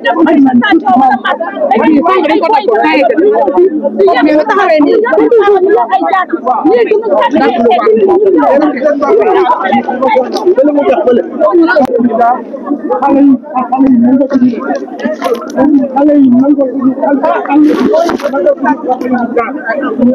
xale yi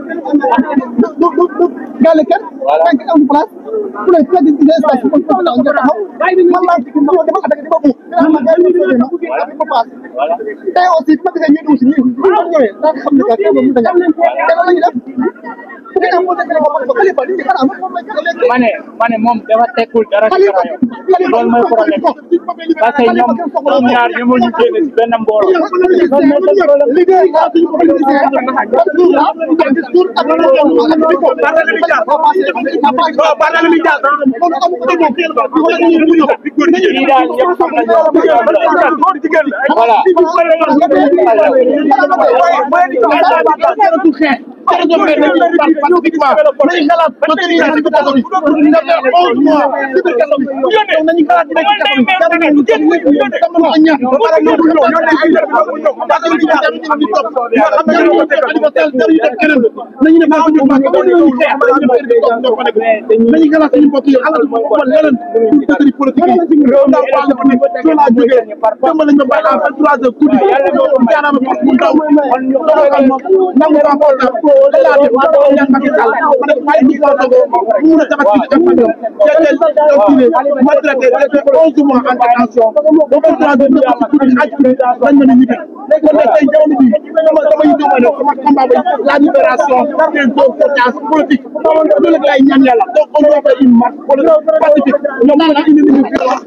du du du gàllé kenn. voilà fekk am place. ku ne fekk di station bi foofu la nga taxaw. dina xam ne gars yi ñu ngi ko defee nag ko paas. tey aussi bu ma gisee ñu dugg si ñun. bu ñu ko ma ne ma ne moom dafa tekkul dara ci rajo loolu mooy problème parce que ñoom ñoom ñaar ñu mën ñu génne ci benn mbooloo loolu mooy seen problème lii daal ñëpp xam nañu voilà parce que ñoom ñooy dañuy faral pratiquement day xalaat ba tey yàlla ci biir kaso bi. nañu xalaat dina ci taxaw dara nañu tam ñu tam ko ñaan ba pare ñu ñu ñoo ne ay dara ko ñoo ba ko ñu ñaan ñu ñu top ñu xam dara ñu def ali ba tal dara ñu def keneen nañu ne ba ko ñu mak ko ñu xex ba ñu perdi top ñoo ko nek nañu xalaat suñu mbokk yi xalaat ko ko leneen ñu tëri politique yi réew ndaw ba la nek so la jóge dama lañu ba la 23 heures guddi ñaanama ko mu ndaw nangu ba ko da ko la def ba ko ñaan Macky Sall ma def ay ñu ko dogo mu na tabax ci ci ko retraités retraités onze mois en détention donc on a donné ko ci guddi aj bi dañ mën a ñibbi kon nag tey jamono bi sama sama yitte mooy nag sama combat bi la libération des otages politiques loolu rek laay ñaan yàlla donc on doit faire une marche politique pacifique ñoom nag indi nañu violence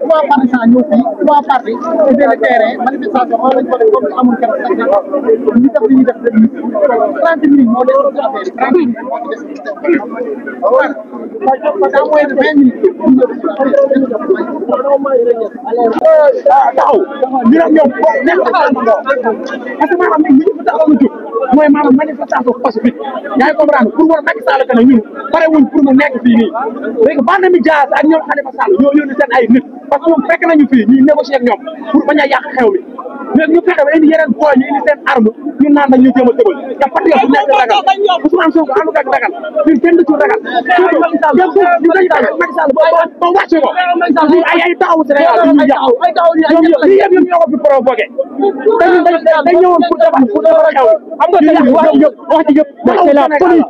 trois partisans ñëw fii trois partis ci benn terrain manifestation moom lañ ko def comme amul kenn sax ñu def li ñuy def trente minutes moo des ci affaire yi trente minutes moo ci des daa mooy de vingt minutes euh, ah, taxaw ñu nag ñoom boo nekk parce que maanaam nag ñu ñu taxaw na jóg mooy maanaam manifestation pacifique yaa ngi comprendre pour war Macky Sall que ne ñun pare wuñ pour mu nekk fii nii léegi Barthélémy Dias ak ñoom Khalifa Sall ñoo yónni seen ay nit parce que ñoom fekk nañu fii ñuy négocier ak ñoom pour bañ a yàq xew mi mais ñu fexe ba indi yeneen booy ñu indi seen arme ñu naan dañ ñu jéem a tëbal te Fatick bu nekk ragal Ousmane Sonko ànd ak ragal ci ragal ko ñun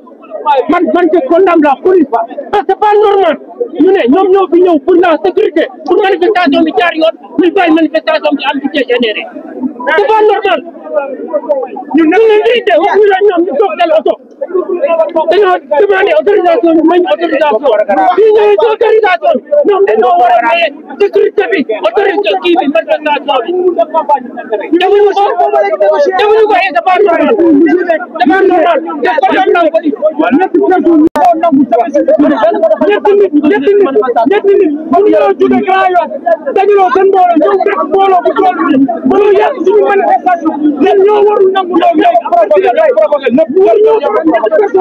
man man je condamne la police parce que pas normal ñu ne ñoom ñoo fi ñëw pour la sécurité pour manifestation bi jaar yoon ñu bàyyi manifestation bi am di dégénéré c'est pas normal ñu ne la vérité waxuñu la ñoom ñu toog dal oto dañoo demandé autorisation bi mañ autorisation bi ñëwee ci autorisation bi ñoom dañoo war a maye sécurité bi autorisation kii bi manifestation bi defuñu ko defuñu ko et dafa normal dafa normal te kontaan naa ko di ñetti nit ñetti nit ñetti nit mënuñoo jóge Grand Yoff dajaloo seen mbooloo ñëw fekk mbooloo bu toll nii mënoo yàq suñu manifestation ñun ñoo warul nangu loolu léegi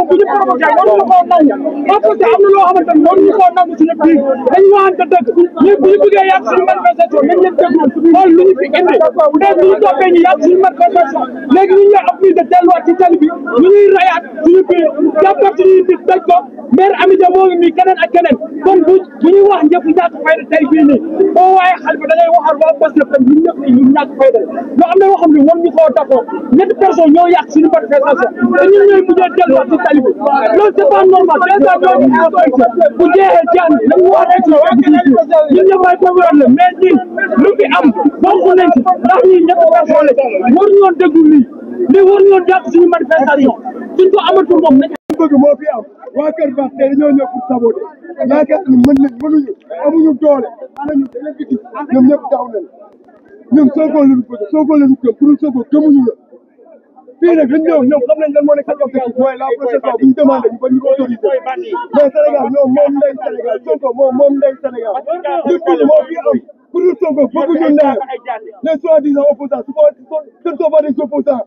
après ñu provoqué waruñu koo nangu opposé am na loo xamante ni waruñu koo nangu suñu biir dañu waxante dëgg ñu bu ñu bëggee yàq suñu manifestation nañ leen déglu xool lu ñu fi indi bu dee bu ñu toppee ñu yàq suñu manifestation léegi ñu bëgg a delluwaat ci tali bi ñu ñuy rayaat suñu biir jàppat suñuy biir daj ko maire Amy Dia moo ngi nii keneen ak keneen kon bu bu ñuy wax ñëpp ñàkk fayda tey bii nii boo waaye xal bi da ngay waxal waa bés la tam ñun ñëpp ñu ñàkk fayda loo xam ne waxam ni moom ñu koo dafoo ñetti personnes ñoo yàq suñu manifestation te ñun ñooy mujjee delluwaat ci tali bi loolu c'est pas normal dèjà ñoo ñu ko fay bu jeexee jaan nañ wax rek ñun ñëpp ay problème mais ñun lu fi am bokk nañ ci ndax ñun ñetti personnes la war ñoon déglu lii li wër yoon jàpp suñu manifestation suñ ko amatul moom nañ bëgg moo fi am waa Kër Bax tey dañoo ñëw pour saboter yaakaar ni mën nañ mënuñu amuñu doole anañu daleen di gis ñoom ñëpp taxaw nañ ñoom Sonko lañu bëgg Sonko lañu gëm pour Sonko gëmuñu la fii nag dañ ñëw ñoom xam nañ lan moo nekk seen objectif mooy la prochaine fois bu ñu demandé ñu bañ ñu autorisé mais Sénégal ñoom moom ndey Sénégal Sonko moom moom ndey Sénégal lépp moo fi am pour Sonko bëgguñu naan les soi-disant opposants souvent ce sont pas des opposants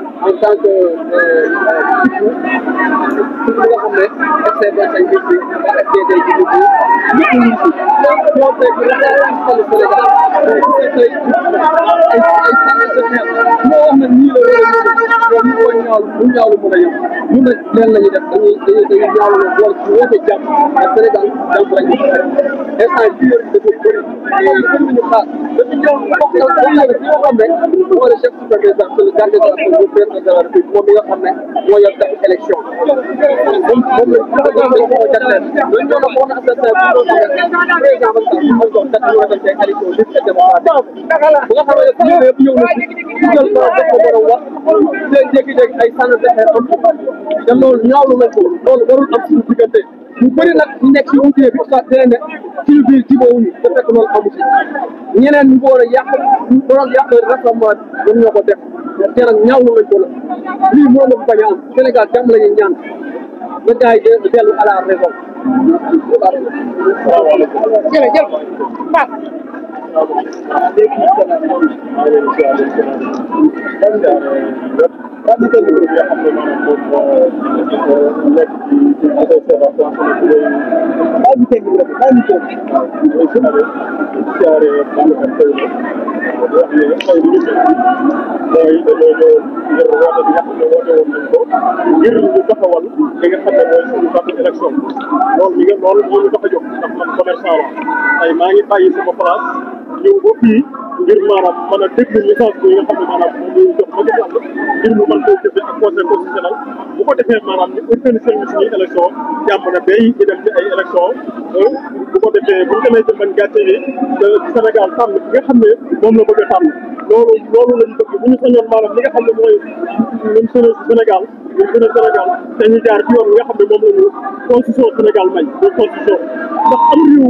en tant que surtout nga xam ne FC Bansang bi ci FDD ji bi ci ñu ngi ci ñoo fekk la daal solo Sénégal ci tey ay ay ay moo wax na nii la war a ñëw bu ñaaw bu ñaaw la mën a yem ñun nag leen la ñuy def dañuy dañuy dañuy ñaaw na boole ci woote jàmm ak Sénégal jàmm rek instant bii yor dafa bëri yooyu bëri nañu xaar dañu ñëw bokk na ba léegi si yoo xam ne moo le chef superviseur le gardien de la paix le président de la République moom mi nga xam ne moo yor def élection ñu bëri nag ñu nekk ci unité bi soit dina ne ci biir jubóowuñu te fekk loolu amu ci ñeneen ñu war a yàq ñu waroon yàq rassemblement bi ñoom ñoo ko def te nag ñaawlu lañ ko la lii moo la bañ a am Sénégal jàmm la ñuy ñaan. ba gars yi de dellu à la révolte. jërëjëf Pape. léegi tanto es una vez que ahora vamos a hacer ngir ñu taxawal li nga xam ne mooy suñu kàddu élection loolu mi nga loolu moo ñu tax a jóg ndax man commerçant la ay maa ngi bàyyi sama place ñëw ba fii ngir maanaam mën a déglu message bi nga xam ne maanaam moom la ñu jox ba nga bu ko defee maanaam ñu organiser ñu suñuy élection jàmm na bay di euh, bu ko defee bu ñu demee ci man gàcce Sénégal tànn bi nga xam ne moom la bëgg a tànn loolu loolu lañ bëgg bu ñu sañoon maanaam li nga xam ne mooy ñun Sénégal ñu ne Sénégal dañu jaar ci yoon bi nga xam ne moom la ñu constitution Sénégal may muy constitution ndax am réew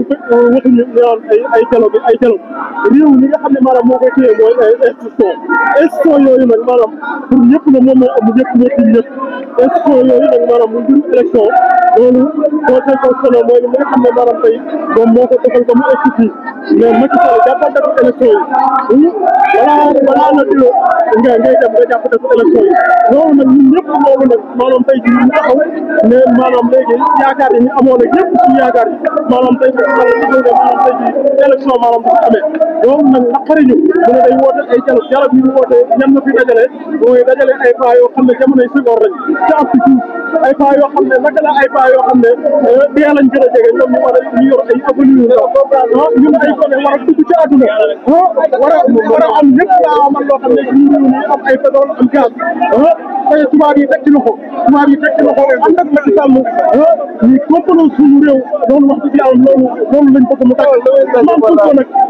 waxuñu naan ay ay dialogue ay dialogue réew li nga xam ne maanaam moo koy téye mooy institution institution yooyu nag maanaam pour ñëpp la moom moo am ñëpp ñëpp ñëpp institution yooyu nag maanaam mu jur élection loolu conseil constitutionnel mooy li nga xam ne maanaam tey moom moo ko defal ko mu egsi fii mais Macky Sall jàppal datu élection yi balaa balaa la dilo nga ngay dem nga jàpp datu élection yi loolu nag ñun ñëpp loolu nag maanaam tey jii ñu taxaw ne maanaam léegi yaakaar yi ñu amoon ak yëpp suñu yaakaar yi maanaam tey jii xale bi nga maanaam tey jii élection maanaam dafa amee loolu nag naqari ñu mu ne day woote ay jalo jarab yi ñu woote ñan na fi dajale mooy dajale ay paa yoo xam ne jamonoy sigoor lañ ca am ci ay paa yoo xam ne naka la ay paa combat yoo xam ne dee euh, lañ gën a jege ñoom ñu war a ñu yor ay avenir euh, ñun ay gone war a dugg ci àdduna ah, war a war a am lépp laa amal loo xam ne ñu am ay pétrole am gaz ah, tey tubaab yi teg ci loxo tubaab yi teg ci loxo ànd ak Macky Sall ah, ñu complot suñu réew loolu wax dëgg yàlla loolu loolu lañ bëgg mu taxaw man Sonko nag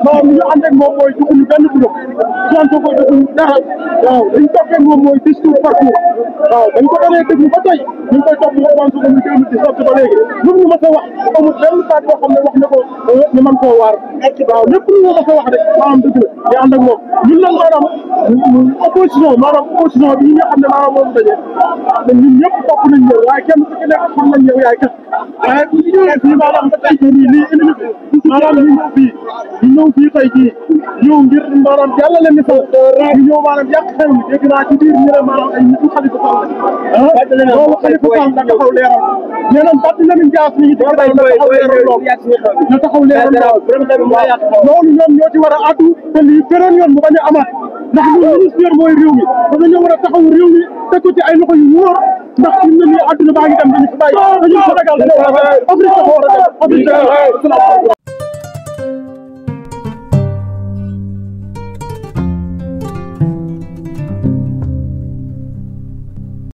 maanaam ñu ànd ak moom mooy joxuñu benn bu jóg Ousmane Sonko defuñu dara waaw dañ toppee moom mooy discours parcours waaw dañ ko daree déglu ba tey dañ koy topp Ousmane Sonko mu noppi ba léegi lu ñu mës a wax amul benn baat boo xam ne wax na ko ñu mën koo waar waaw lépp lu ñu mës a wax rek maanaam dëgg la di ànd ak moom ñun nag maanaam opposition maanaam opposition bi nga xam ne maanaam moom daje da ñun ñëpp topp nañ ñëw waaye kenn ku ci nekk xam nañ yow yaay kat waaye bu ñu ñëwee fii maanaam ba tey jii lii indi maanaam ñu ñëw fii ñu ñëw fii tey jii ñëw ngir maanaam jàllale message ñu ñëw maanaam yàq xew mi dégg naa ci biir ñu ne maanaam ay nitu Xalifa Sall ah loolu Xalifa Sall da taxaw leeral nee nañ Pape Lamine Dias mi ngi ci ginnaaw ñu taxaw leeral loolu ñoom ñoo ci war a addu te lii beneen yoon mu bañ a amaat ndax ñun ministère mooy réew mi dafa ñoo war a taxaw réew mi teg ko ay loxo yu wóor ndax fi mu ne nii adduna baa ngi dem dañu fi bàyyi dañu Sénégal Afrique dafa war a dem